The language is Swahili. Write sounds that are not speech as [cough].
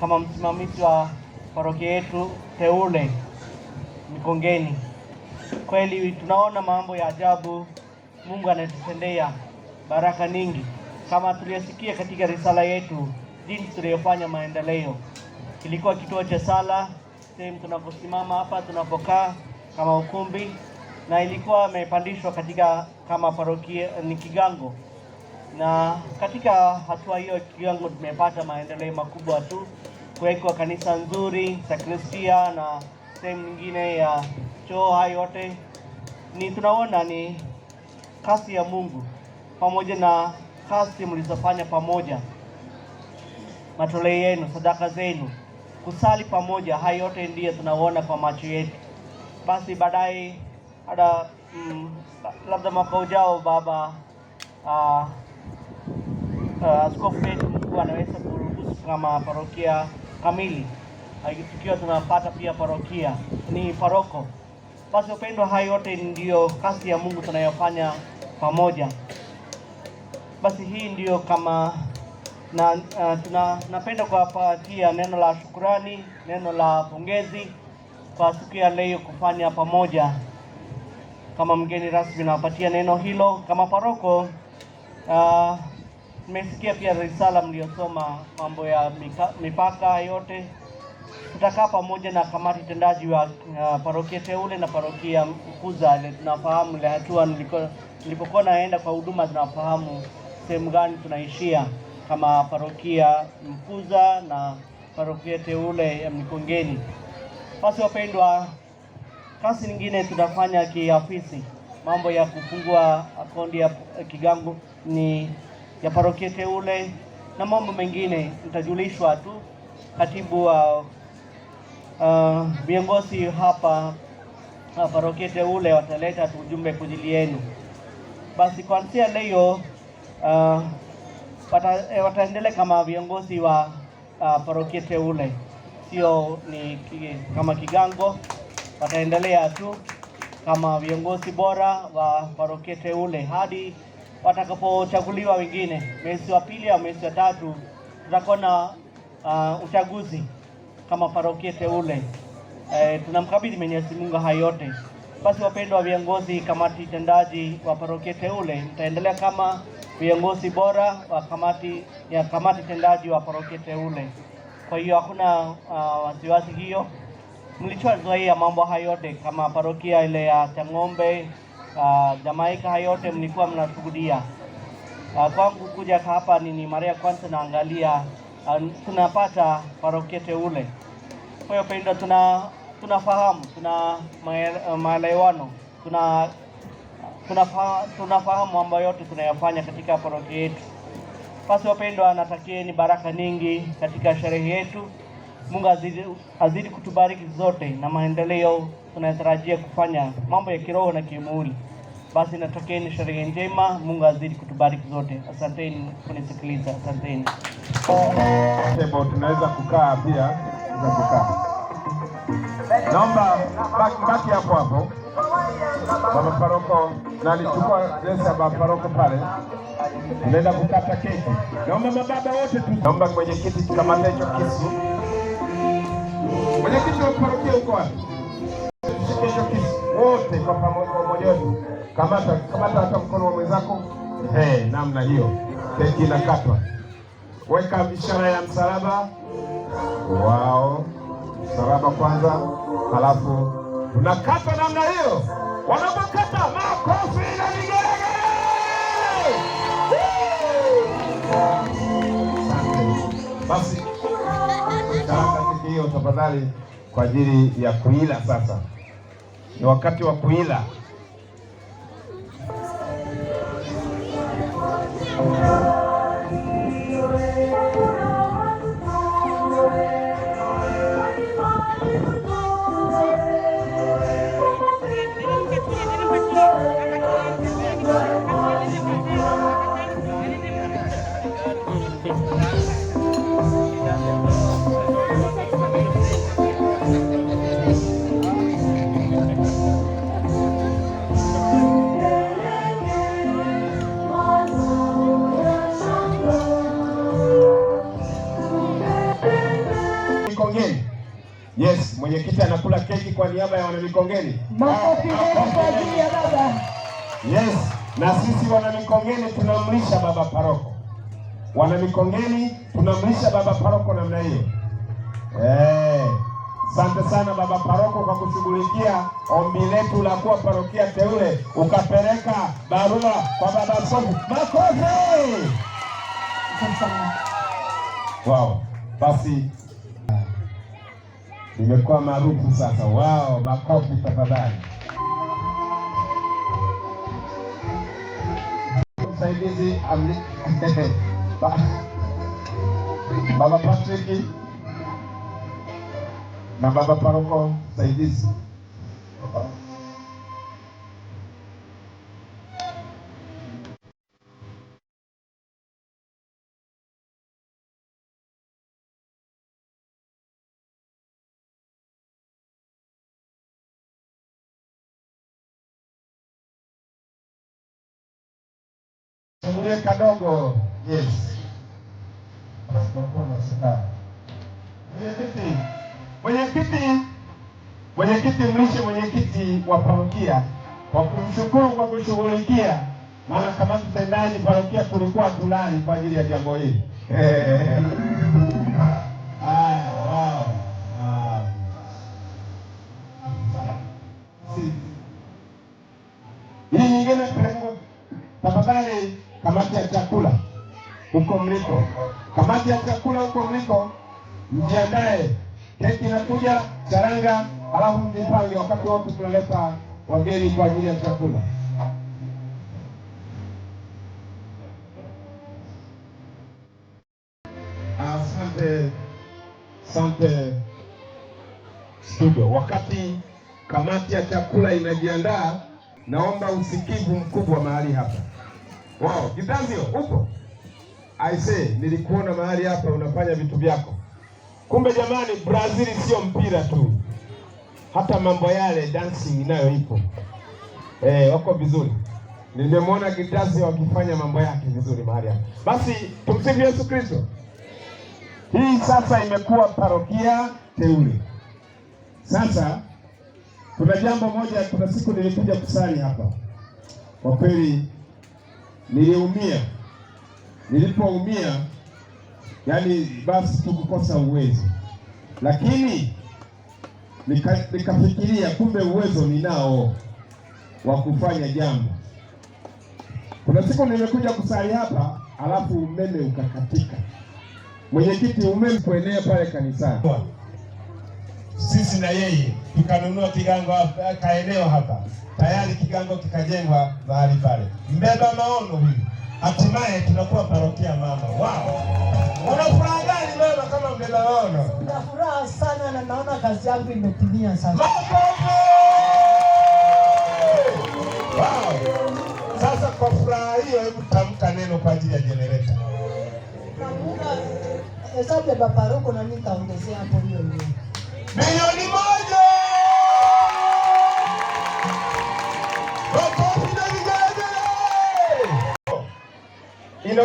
kama msimamizi wa parokia yetu teule Mikongeni. Kweli tunaona mambo ya ajabu Mungu anatutendea baraka nyingi, kama tuliyosikia katika risala yetu, jinsi tuliyofanya maendeleo. Kilikuwa kituo cha sala, sehemu tunaposimama hapa, tunapokaa kama ukumbi, na ilikuwa imepandishwa katika kama parokia ni kigango na katika hatua hiyo kiwango tumepata maendeleo makubwa tu, kuwekwa kanisa nzuri, sakristia na sehemu nyingine ya choo. Hayo yote ni tunaona ni kasi ya Mungu pamoja na kasi mlizofanya pamoja, matoleo yenu, sadaka zenu, kusali pamoja, hayo yote ndiyo tunaona kwa macho yetu. Basi baadaye hata mm, labda mwaka ujao baba uh, askofu wetu mkuu anaweza kuruhusu kama parokia kamili, tukiwa tunapata pia parokia ni paroko. Basi upendwa, hayo yote ndiyo kazi ya Mungu tunayofanya pamoja. Basi hii ndiyo kama na, uh, tuna, napenda kuwapatia neno la shukurani, neno la pongezi kwa siku ya leo kufanya pamoja. Kama mgeni rasmi nawapatia neno hilo kama paroko uh, Mmesikia pia risala mliyosoma mambo ya mipaka yote. Tutakaa pamoja na kamati tendaji wa uh, parokia teule na parokia Mkuza. Tunafahamu ile hatua nilipokuwa naenda kwa huduma, tunafahamu sehemu gani tunaishia kama parokia Mkuza na parokia teule ya Mikongeni. Basi wapendwa, kazi nyingine tutafanya kiafisi, mambo ya kufungua akaunti ya Kigangu ni ya parokia teule na mambo mengine nitajulishwa tu katibu wa uh, viongozi hapa uh, parokia teule wataleta tu ujumbe kwa ajili yenu. Basi kuanzia leo uh, eh, wataendelea kama viongozi wa uh, parokia teule, sio ni kama kigango, wataendelea tu kama viongozi bora wa parokia teule hadi watakapochaguliwa wengine, mwezi wa pili au mwezi wa tatu tutakuwa na uh, uchaguzi kama parokia teule. E, tunamkabidhi Mwenyezi Mungu hayo yote. Basi wapendwa viongozi, kamati tendaji wa parokia teule, mtaendelea kama viongozi bora wa kamati ya kamati tendaji wa parokia teule. Kwa hiyo hakuna uh, wasiwasi hiyo, mlichozoea mambo hayo yote kama parokia ile ya Chang'ombe uh, Jamaika, haya yote mlikuwa mnashuhudia. Uh, kwangu kuja hapa ni mara ya kwanza naangalia uh, tunapata parokia teule. Kwa hiyo pendo, tuna tunafahamu tuna maelewano tuna tunafahamu tuna, tuna mambo yote tunayofanya katika parokia yetu. Basi wapendwa, natakieni baraka nyingi katika sherehe yetu. Mungu azidi, azidi kutubariki zote na maendeleo tunayotarajia kufanya mambo ya kiroho na kimuuli. Basi natokeni sherehe njema. Mungu azidi kutubariki zote. Asanteni kunisikiliza, asanteni. Tunaweza kukaa pia, tunaweza kukaa. Naomba baki hapo hapo, baba paroko, na nichukua baba paroko pale, naenda kukata keki. Naomba mababa wote tu, naomba kiti tukamate hicho kisu Mwenyekiti wa parokia huko wapi? Kesho wote kwa pamoja, mmoja wetu kamata kamata hata mkono wa mwenzako eh, namna hiyo, keki inakatwa. Weka ishara ya msalaba wao, msalaba kwanza, halafu unakata namna hiyo. Wanapokata makofi na vigelegele. Basi mikono tafadhali kwa ajili ya kuila. Sasa ni wakati wa kuila. kwa niaba ya wanamikongeni. Makofi ah, mengi kwa ajili ya baba. Yes, na sisi wanamikongeni tunamlisha baba paroko, wanamikongeni tunamlisha baba paroko namna hiyo. Eh, asante sana baba paroko kwa kushughulikia ombi letu la kuwa parokia teule, ukapeleka barua kwa baba askofu. Makofi wow. Basi Nimekuwa maarufu sasa. Wao, makofi tafadhali. Msaidizi [laughs] Baba Patrick na Baba Paroko msaidizi Kengine kadogo. Yes. Mwenyekiti, mwenyekiti, mwenyekiti mlishe mwenyekiti wa parokia kwa kumshukuru kwa kushughulikia, maana kamati tendaji parokia tulikuwa tulali kwa ajili ya jambo hili. [laughs] mliko. Kamati ya chakula huko mliko, mjiandae, keki inakuja, karanga, alafu mjipange, wakati wote tunaleta wageni kwa ajili ya chakula. Asante, asante studio. Wakati kamati ya chakula inajiandaa, naomba usikivu mkubwa mahali hapa. Wow, Gidanzio upo? aise, nilikuona mahali hapa unafanya vitu vyako. Kumbe jamani, Brazil sio mpira tu, hata mambo yale dancing nayo ipo. Eh, wako vizuri, nimemwona Gitasi wakifanya mambo yake vizuri mahali hapa. Basi tumsifu Yesu Kristo. Hii sasa imekuwa parokia teule. Sasa kuna jambo moja, kuna siku nilikuja kusali hapa, kwa kweli niliumia nilipoumia, yani basi tukukosa uwezo, lakini nikafikiria nika kumbe uwezo ninao wa kufanya jambo. Kuna siku nimekuja kusali hapa, alafu umeme ukakatika. Mwenyekiti, umeme kuenea pale kanisani, sisi na yeye tukanunua kigango kaeneo hapa, tayari kigango kikajengwa mahali pale. Mbeba maono huyu hatimaye tunakuwa parokia mama. Wow, wana furaha gani mama, kama mnavyoona? Na furaha sana na naona kazi yangu imetimia sana. Wow. Sasa kwa furaha hiyo, hebu tamka neno kwa ajili ya jenereta hesabu ya baba paroko, na mimi nitaongezea hapo hiyo hiyo milioni moja.